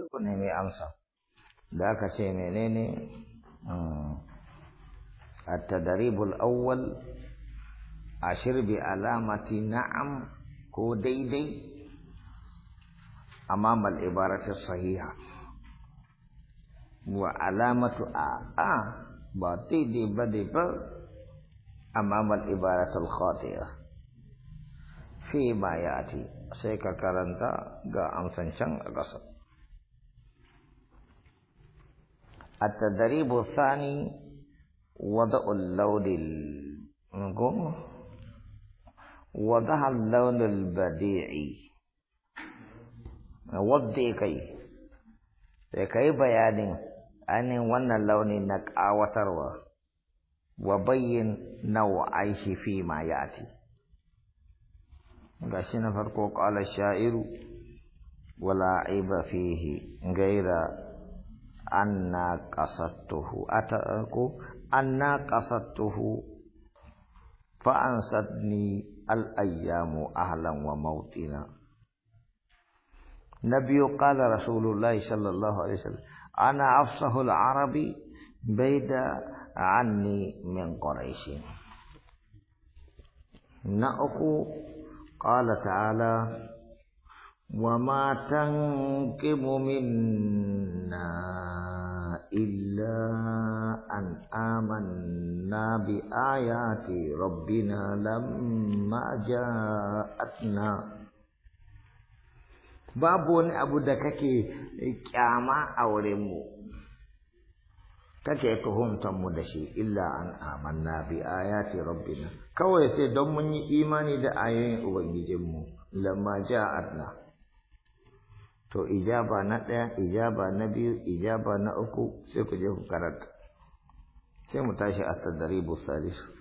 duk ne mai amsa da aka ce menene hmm. atadaribul awwal ashir bi alamati na'am ko daidai amma ibarata sahiha wa alamatu a a ba daidai ba dai ba amma ibaratul khatiya fi ma ya sai ka karanta ga amsan can a ƙasa التدريب الثاني وضع اللون المقوم وضع اللون البديعي وضع كي كي بيان أن ون اللون نك آوتر وبين نوعيه فيما يأتي قال الشاعر ولا عيب فيه غير أنا قصدته أتأكو أنا قصدته فأنصتني الأيام أهلا وموتنا نبي قال رسول الله صلى الله عليه وسلم أنا أفصح العربي بيد عني من قريش نأخو قال تعالى وما تنقم منا إلا أن آمنا بآيات ربنا لما جاءتنا babu wani abu da kake kyama a wurinmu kake mu da shi illa an amanna bi ayati rabbina kawai sai don mun yi imani da ayoyin ubangijinmu lamma ja'atna to ijaba na ɗaya ijaba na biyu ijaba na uku sai ku je ku karanta sai mu tashi a sadari busalisu